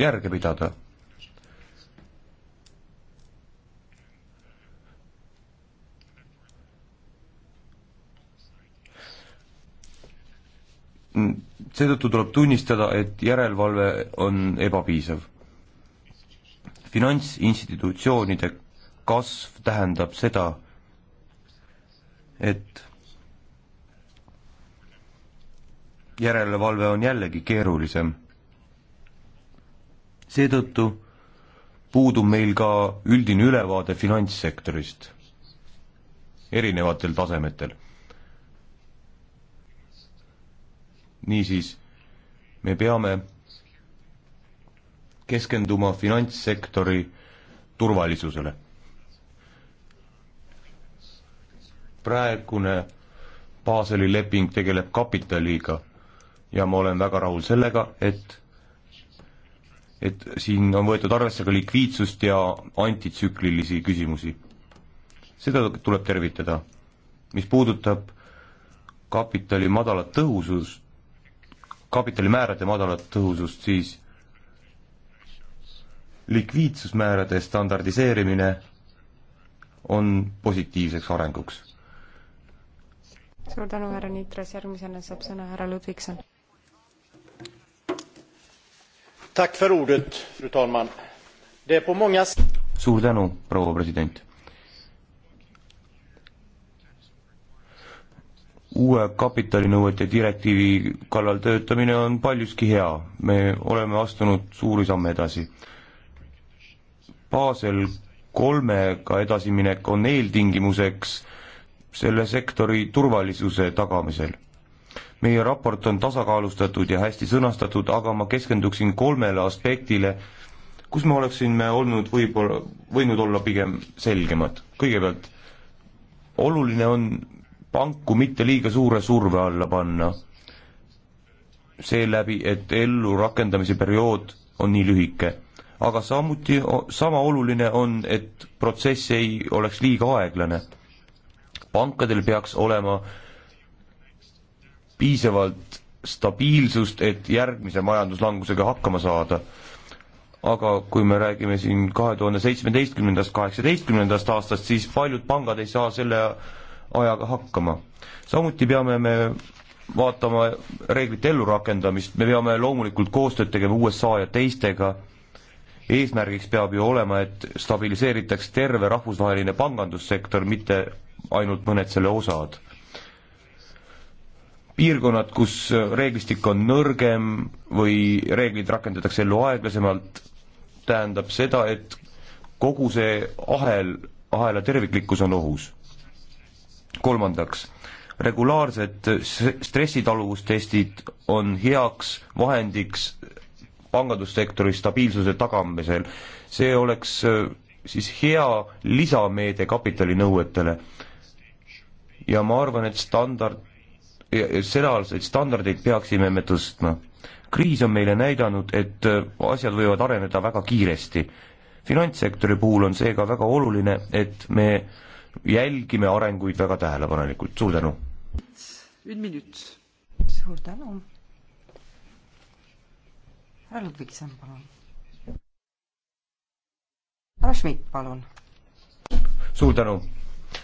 järge pidada. seetõttu tuleb tunnistada, et järelevalve on ebapiisav finantsinstitutsioonide kasv tähendab seda, et järelevalve on jällegi keerulisem. seetõttu puudub meil ka üldine ülevaade finantssektorist erinevatel tasemetel. niisiis, me peame keskenduma finantssektori turvalisusele. praegune Baseli leping tegeleb kapitaliga ja ma olen väga rahul sellega, et et siin on võetud arvesse ka likviidsust ja antitsüklilisi küsimusi. seda tuleb tervitada. mis puudutab kapitali madalat tõhusust, kapitalimäärade madalat tõhusust, siis likviidsusmäärade standardiseerimine on positiivseks arenguks. suur tänu, härra Nitras, järgmisena saab sõna härra Ludvigson. suur tänu, proua president. uue kapitalinõuete direktiivi kallal töötamine on paljuski hea, me oleme astunud suuri samme edasi Basel kolmega edasiminek on eeltingimuseks selle sektori turvalisuse tagamisel. meie raport on tasakaalustatud ja hästi sõnastatud, aga ma keskenduksin kolmele aspektile, kus me oleksime olnud võib-olla, võinud olla pigem selgemad. kõigepealt, oluline on panku mitte liiga suure surve alla panna, seeläbi, et ellurakendamise periood on nii lühike aga samuti sama oluline on, et protsess ei oleks liiga aeglane. pankadel peaks olema piisavalt stabiilsust, et järgmise majanduslangusega hakkama saada. aga kui me räägime siin kahe tuhande seitsmeteistkümnendast, kaheksateistkümnendast aastast, siis paljud pangad ei saa selle ajaga hakkama. samuti peame me vaatama reeglite ellurakendamist, me peame loomulikult koostööd tegema USA ja teistega eesmärgiks peab ju olema, et stabiliseeritaks terve rahvusvaheline pangandussektor, mitte ainult mõned selle osad. piirkonnad, kus reeglistik on nõrgem või reeglid rakendatakse ellu aeglasemalt, tähendab seda, et kogu see ahel, ahela terviklikkus on ohus. kolmandaks, regulaarsed stressitaluvustestid on heaks vahendiks pangandussektori stabiilsuse tagamisel. see oleks äh, siis hea lisameede kapitalinõuetele. ja ma arvan, et standard, sedalaseid standardeid peaksime me tõstma. kriis on meile näidanud, et äh, asjad võivad areneda väga kiiresti. finantssektori puhul on seega väga oluline, et me jälgime arenguid väga tähelepanelikult, suur tänu! suur tänu! härra Ludvigson, palun. härra Schmidt, palun. suur tänu.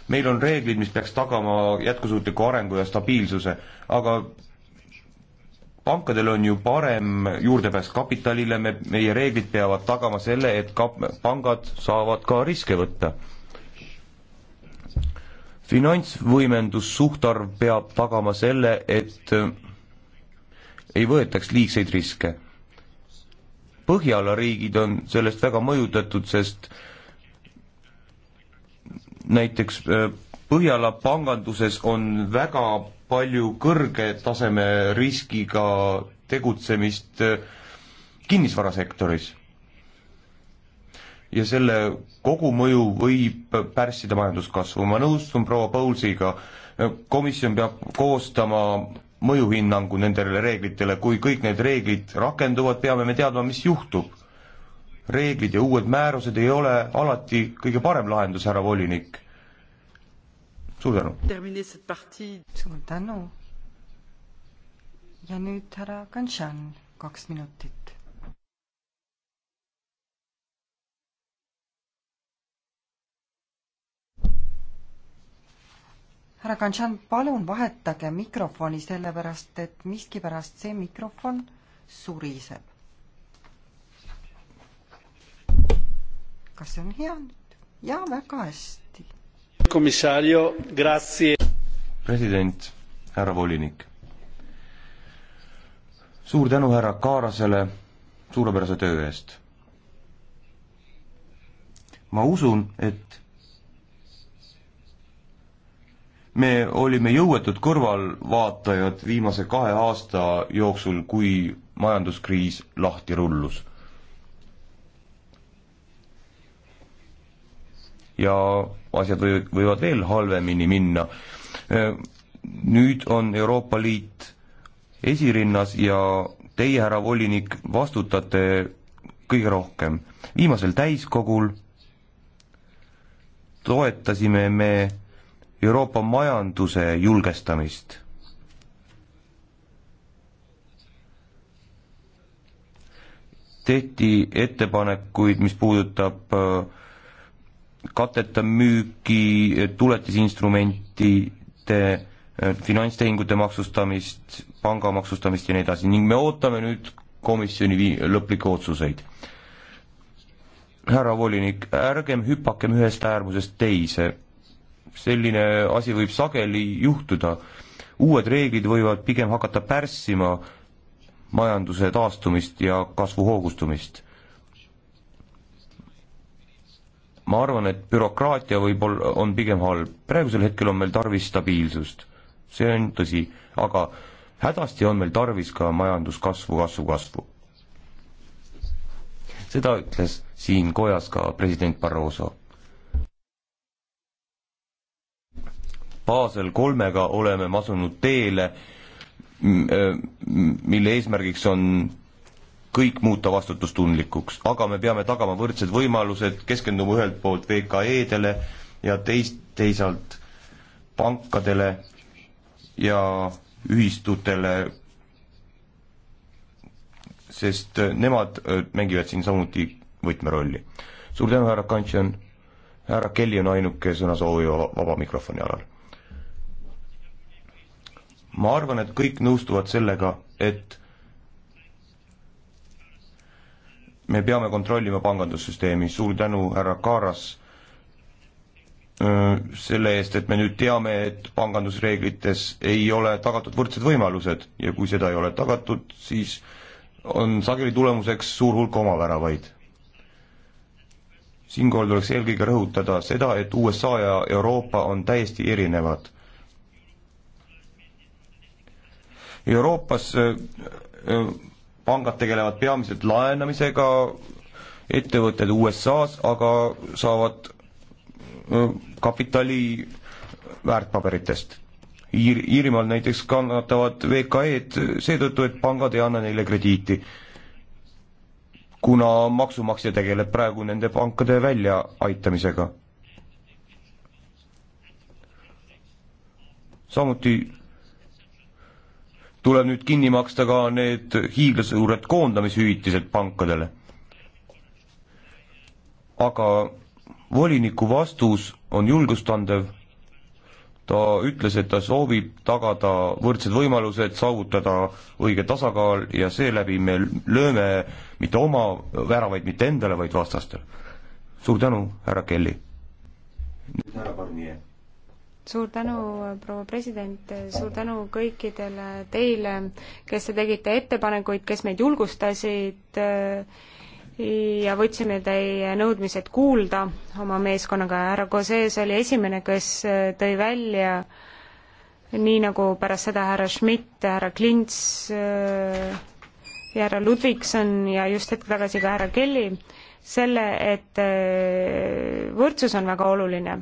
meil on reeglid, mis peaks tagama jätkusuutliku arengu ja stabiilsuse, aga pankadel on ju parem juurdepääs kapitalile, me, meie reeglid peavad tagama selle, et kap-, pangad saavad ka riske võtta. finantsvõimendussuhtarv peab tagama selle, et ei võetaks liigseid riske Põhjala riigid on sellest väga mõjutatud, sest näiteks äh, Põhjala panganduses on väga palju kõrge taseme riskiga tegutsemist äh, kinnisvarasektoris. ja selle kogumõju võib pärssida majanduskasvu, ma nõustun proua Paulsiga, komisjon peab koostama mõjuhinnangu nendele reeglitele, kui kõik need reeglid rakenduvad, peame me teadma, mis juhtub. reeglid ja uued määrused ei ole alati kõige parem lahendus, härra volinik. suur tänu. suur tänu. ja nüüd härra Kanšan, kaks minutit härra Kantšan, palun vahetage mikrofoni, sellepärast et miskipärast see mikrofon suriseb. kas see on hea nüüd? jaa, väga hästi. komissario, grazie. president, härra volinik. suur tänu härra Kaarasele suurepärase töö eest. ma usun, et me olime jõuetud kõrvalvaatajad viimase kahe aasta jooksul, kui majanduskriis lahti rullus. ja asjad või, võivad veel halvemini minna. nüüd on Euroopa Liit esirinnas ja teie, härra volinik, vastutate kõige rohkem. viimasel täiskogul toetasime me Euroopa majanduse julgestamist. tehti ettepanekuid, mis puudutab äh, kateta müüki, tuletisinstrumentide, äh, finantstehingute maksustamist, panga maksustamist ja nii edasi ning me ootame nüüd komisjoni vii-, lõplikke otsuseid. härra volinik, ärgem hüpakem ühest äärmusest teise selline asi võib sageli juhtuda. uued reeglid võivad pigem hakata pärssima majanduse taastumist ja kasvu hoogustumist. ma arvan, et bürokraatia võib-olla on pigem halb, praegusel hetkel on meil tarvis stabiilsust, see on tõsi, aga hädasti on meil tarvis ka majanduskasvu, kasvu, kasvu. seda ütles siin kojas ka president Barroso Basel kolmega oleme me asunud teele, mille eesmärgiks on kõik muuta vastutustundlikuks, aga me peame tagama võrdsed võimalused, keskenduma ühelt poolt VKE-dele ja teist, teisalt pankadele ja ühistutele, sest nemad mängivad siin samuti võtmerolli. suur tänu, härra Kantšen, härra Kelly on ainuke sõnasoovija vaba mikrofoni alal ma arvan, et kõik nõustuvad sellega, et me peame kontrollima pangandussüsteemi, suur tänu, härra Kaaras, selle eest, et me nüüd teame, et pangandusreeglites ei ole tagatud võrdsed võimalused ja kui seda ei ole tagatud, siis on sageli tulemuseks suur hulk omaväravaid. siinkohal tuleks eelkõige rõhutada seda, et USA ja Euroopa on täiesti erinevad Euroopas äh, äh, pangad tegelevad peamiselt laenamisega, ettevõtted USA-s aga saavad äh, kapitali väärtpaberitest Iir. Iirimaal näiteks kannatavad VKE-d seetõttu, et pangad ei anna neile krediiti, kuna maksumaksja tegeleb praegu nende pankade väljaaitamisega. samuti tuleb nüüd kinni maksta ka need hiiglasuured koondamishüvitised pankadele. aga voliniku vastus on julgustandev, ta ütles, et ta soovib tagada võrdsed võimalused, saavutada õige tasakaal ja seeläbi me lööme mitte oma väravaid mitte endale, vaid vastastele. suur tänu, härra Kelly. nüüd härra Barnier suur tänu, proua president, suur tänu kõikidele teile, kes te tegite ettepanekuid, kes meid julgustasid eh, ja võtsime teie nõudmised kuulda oma meeskonnaga. härra Koses oli esimene, kes eh, tõi välja nii nagu pärast seda härra Schmidt, härra Klints eh, ja härra Ludvigson ja just hetk tagasi ka härra Kelly, selle, et võrdsus on väga oluline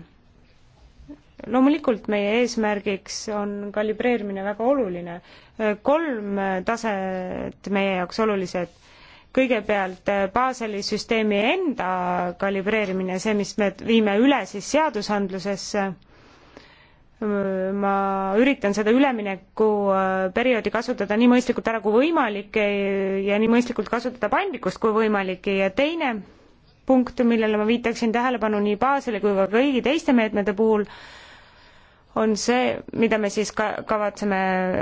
loomulikult meie eesmärgiks on kalibreerimine väga oluline. kolm taset meie jaoks olulised. kõigepealt eh, Baseli süsteemi enda kalibreerimine, see, mis me viime üle siis seadusandlusesse, ma üritan seda üleminekuperioodi eh, kasutada nii mõistlikult ära kui võimalik eh, ja nii mõistlikult kasutada paindlikkust kui võimalik ja teine punkt, millele ma viitaksin tähelepanu nii Baseli kui ka kõigi teiste meetmete puhul, on see, mida me siis ka-, kavatseme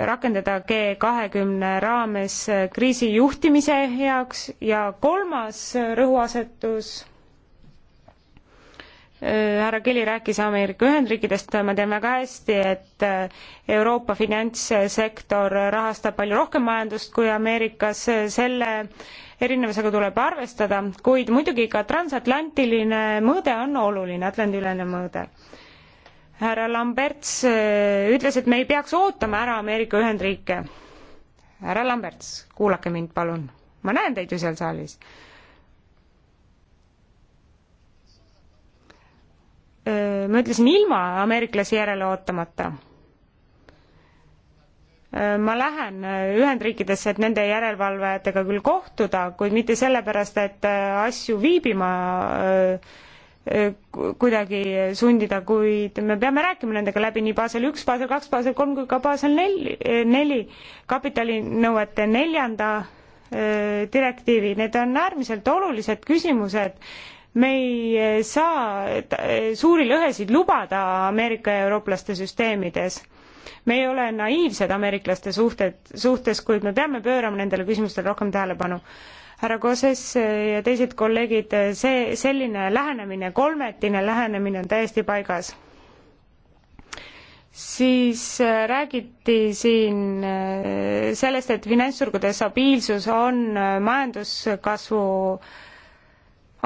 rakendada G kahekümne raames kriisijuhtimise heaks ja kolmas rõhuasetus, äh, härra Kelly rääkis Ameerika Ühendriikidest, ma tean väga hästi, et äh, Euroopa finantssektor rahastab palju rohkem majandust kui Ameerikas, selle erinevusega tuleb arvestada, kuid muidugi ka transatlantiline mõõde on oluline, Atlandi-ülene mõõde härra Lamberts äh, ütles, et me ei peaks ootama ära Ameerika Ühendriike. härra Lamberts, kuulake mind palun, ma näen teid ju seal saalis. Äh, ma ütlesin ilma ameeriklasi järele ootamata. Äh, ma lähen Ühendriikidesse, et nende järelevalvajatega küll kohtuda, kuid mitte sellepärast, et asju viibima äh, kuidagi sundida, kuid me peame rääkima nendega läbi nii baasel üks, baasel kaks, baasel kolm kui ka baasel neli, neli kapitalinõuete neljanda direktiivi, need on äärmiselt olulised küsimused. me ei saa suuri lõhesid lubada Ameerika ja eurooplaste süsteemides. me ei ole naiivsed ameeriklaste suhted, suhtes, kuid me peame pöörama nendele küsimustele rohkem tähelepanu härra Koses ja teised kolleegid, see selline lähenemine, kolmetine lähenemine on täiesti paigas. siis äh, räägiti siin äh, sellest, et finantsturgude stabiilsus on äh, majanduskasvu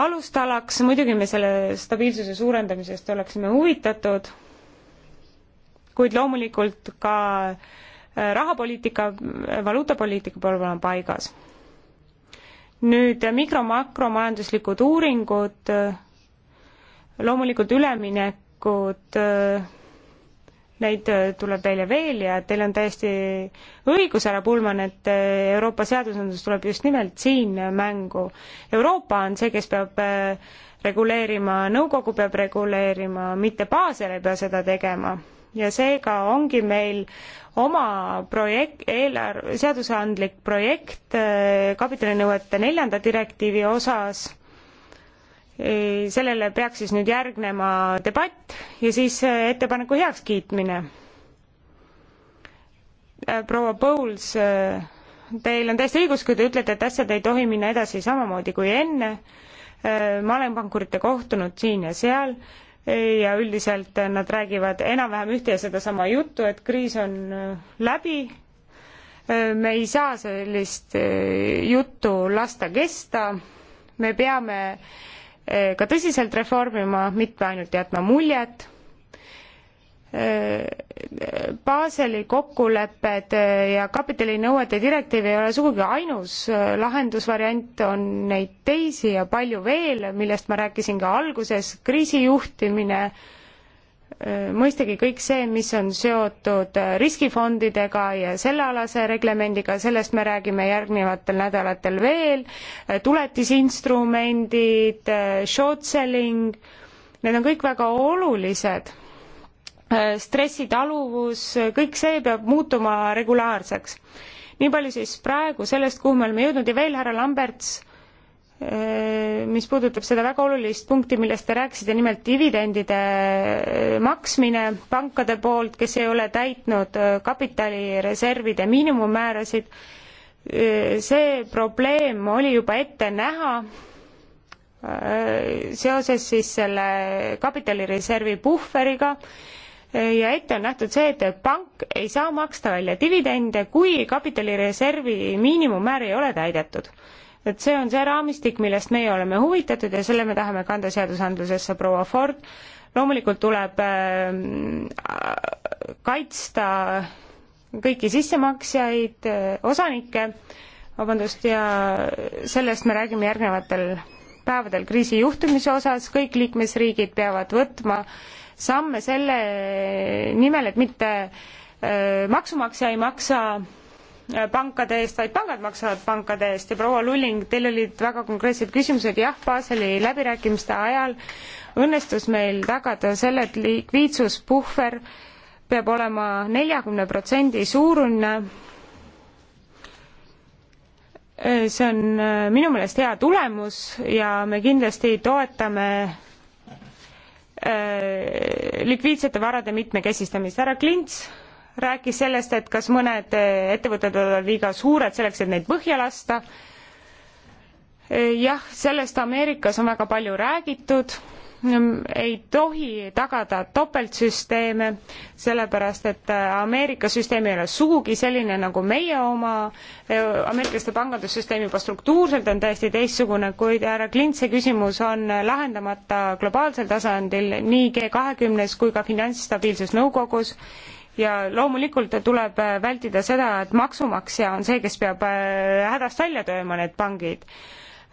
alustalaks, muidugi me selle stabiilsuse suurendamisest oleksime huvitatud, kuid loomulikult ka rahapoliitika, valuutapoliitika peab olema paigas nüüd mikro-makromajanduslikud uuringud, loomulikult üleminekud, neid tuleb teile veel ja teil on täiesti õigus, härra Pulman, et Euroopa seadusandlus tuleb just nimelt siin mängu. Euroopa on see, kes peab eh, reguleerima, nõukogu peab reguleerima, mitte Basel ei pea seda tegema ja seega ongi meil oma projekt, eelarve, seadusandlik projekt äh, kapitalinõuete neljanda direktiivi osas äh, sellele peaks siis nüüd järgnema debatt ja siis äh, ettepaneku heakskiitmine. proua Pouls, teil on täiesti õigus, kui te ütlete, et asjad ei tohi minna edasi samamoodi kui enne. ma olen pankurite kohtunud siin ja seal ja üldiselt nad räägivad enam-vähem ühte ja sedasama juttu, et kriis on äh, läbi, äh, me ei saa sellist äh, juttu lasta kesta, me peame ka tõsiselt reformima, mitte ainult jätma muljet Baseli kokkulepped ja kapitalinõuete direktiiv ei ole sugugi ainus lahendusvariant, on neid teisi ja palju veel, millest ma rääkisin ka alguses, kriisijuhtimine, äh, mõistagi kõik see, mis on seotud riskifondidega ja sellealase reglemendiga, sellest me räägime järgnevatel nädalatel veel, tuletisinstrumendid, äh, short selling, need on kõik väga olulised Äh, stressitaluvus, äh, kõik see peab muutuma regulaarseks. nii palju siis praegu sellest, kuhu me oleme jõudnud ja veel härra Lamberts, äh, mis puudutab seda väga olulist punkti, millest te rääkisite, nimelt dividendide maksmine pankade poolt, kes ei ole täitnud kapitalireservide miinimummäärasid, see probleem oli juba ette näha seoses siis selle kapitalireservi puhveriga ja ette on nähtud see, et pank ei saa maksta välja dividende, kui kapitalireservi miinimummäär ei ole täidetud. et see on see raamistik, millest meie oleme huvitatud ja selle me tahame kanda seadusandlusesse, proua Ford. loomulikult tuleb äh, kaitsta kõiki sissemaksjaid, äh, osanikke, vabandust, ja sellest me räägime järgnevatel päevadel kriisijuhtimise osas, kõik liikmesriigid peavad võtma äh, samme selle nimel, et mitte äh, maksumaksja ei maksa äh, pankade eest, vaid pangad maksavad pankade eest ja proua Lulling, teil olid väga konkreetsed küsimused, jah, Baseli läbirääkimiste ajal õnnestus meil tagada selle, et likviidsuspuhver peab olema neljakümne protsendi suurune. Äh, see on minu meelest hea tulemus ja me kindlasti toetame likviidsete varade mitmekesistamist. härra Klints rääkis sellest, et kas mõned ettevõtted võivad liiga suured selleks, et neid põhja lasta. jah, sellest Ameerikas on väga palju räägitud Mm, ei tohi tagada topeltsüsteeme, sellepärast et äh, Ameerika süsteem ei ole sugugi selline nagu meie oma, äh, ameeriklaste pangandussüsteem juba struktuurselt on täiesti teistsugune, kuid härra Klint, see küsimus on äh, lahendamata globaalsel tasandil nii G kahekümnes kui ka Finantsstabiilsusnõukogus ja loomulikult tuleb vältida seda, et maksumaksja on see, kes peab hädast välja tööma need pangid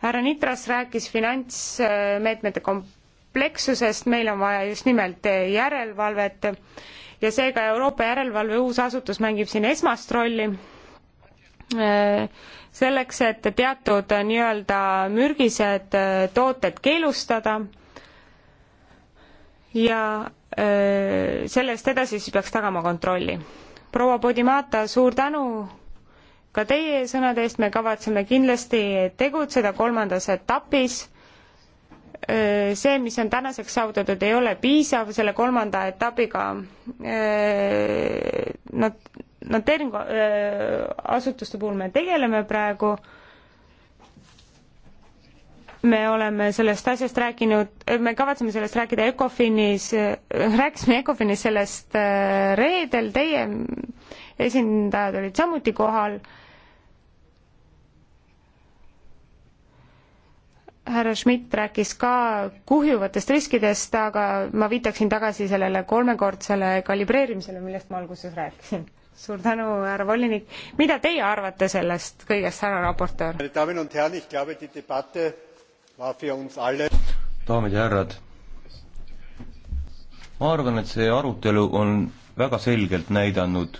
härra Nitras rääkis finantsmeetmete komp-, kompleksusest, meil on vaja just nimelt järelevalvet ja seega Euroopa järelevalve uus asutus mängib siin esmast rolli äh, selleks, et teatud nii-öelda mürgised äh, tooted keelustada ja äh, sellest edasi siis peaks tagama kontrolli. proua Podimata, suur tänu ka teie sõnade eest, me kavatseme kindlasti tegutseda kolmandas etapis Äh, see, mis on tänaseks saavutatud, ei ole piisav selle kolmanda etapiga äh, not-, noteeringuasutuste äh, puhul me tegeleme praegu, me oleme sellest asjast rääkinud, me kavatseme sellest rääkida ECOFINis, rääkisime ECOFINis sellest reedel, teie esindajad olid samuti kohal äh, härra Schmidt rääkis ka kuhjuvatest riskidest, aga ma viitaksin tagasi sellele kolmekordsele kalibreerimisele, millest ma alguses rääkisin. suur tänu, härra volinik. mida teie arvate sellest kõigest, härra raportöör? daamid ja härrad, ma arvan, et see arutelu on väga selgelt näidanud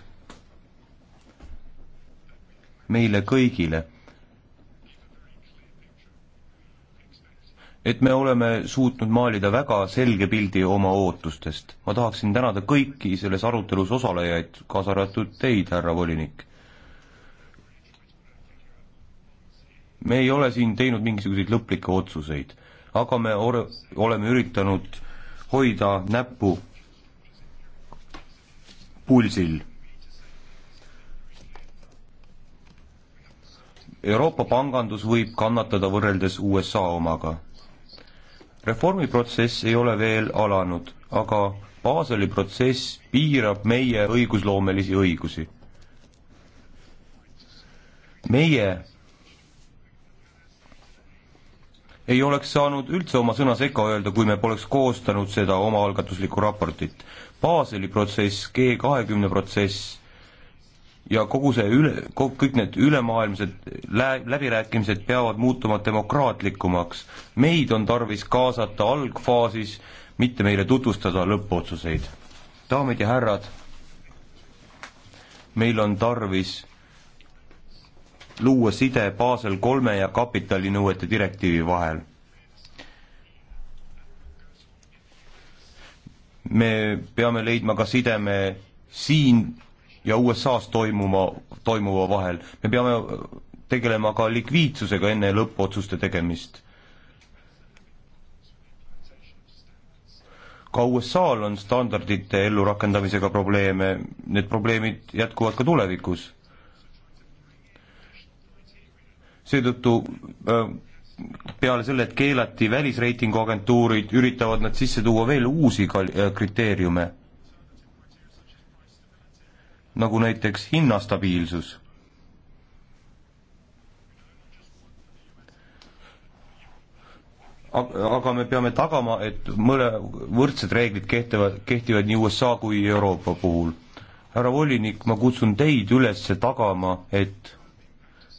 meile kõigile et me oleme suutnud maalida väga selge pildi oma ootustest. ma tahaksin tänada kõiki selles arutelus osalejaid, kaasa arvatud teid, härra volinik. me ei ole siin teinud mingisuguseid lõplikke otsuseid, aga me ore-, oleme üritanud hoida näppu pulsil. Euroopa pangandus võib kannatada võrreldes USA omaga reformiprotsess ei ole veel alanud, aga Baseli protsess piirab meie õigusloomelisi õigusi. meie ei oleks saanud üldse oma sõna sekka öelda, kui me poleks koostanud seda omaalgatuslikku raportit. Baseli protsess, G kahekümne protsess ja kogu see üle, kõik need ülemaailmsed lä-, läbirääkimised peavad muutuma demokraatlikumaks. meid on tarvis kaasata algfaasis, mitte meile tutvustada lõppotsuseid. daamid ja härrad, meil on tarvis luua side Basel kolme ja kapitalinõuete direktiivi vahel. me peame leidma ka sideme siin ja USA-s toimuma, toimuva vahel. me peame tegelema ka likviidsusega enne lõppotsuste tegemist. ka USA-l on standardite ellurakendamisega probleeme, need probleemid jätkuvad ka tulevikus. seetõttu äh, peale selle, et keelati välisreitinguagentuurid, üritavad nad sisse tuua veel uusi äh, kriteeriume nagu näiteks hinnastabiilsus. aga me peame tagama, et mõle, võrdsed reeglid kehtivad, kehtivad nii USA kui Euroopa puhul. härra volinik, ma kutsun teid üles tagama, et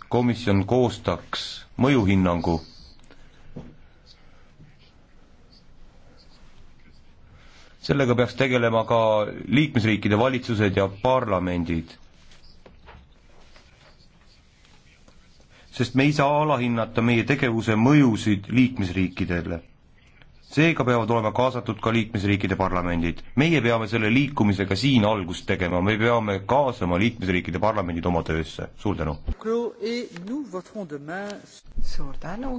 komisjon koostaks mõjuhinnangu sellega peaks tegelema ka liikmesriikide valitsused ja parlamendid. sest me ei saa alahinnata meie tegevuse mõjusid liikmesriikidele. seega peavad olema kaasatud ka liikmesriikide parlamendid. meie peame selle liikumisega siin algust tegema, me peame kaasama liikmesriikide parlamendid oma töösse. suur tänu! suur tänu,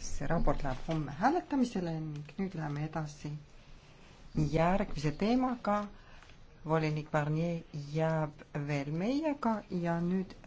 see raport läheb homme hääletamisele ning nüüd läheme edasi järgmise teemaga. volinik Barnier jääb veel meiega ja nüüd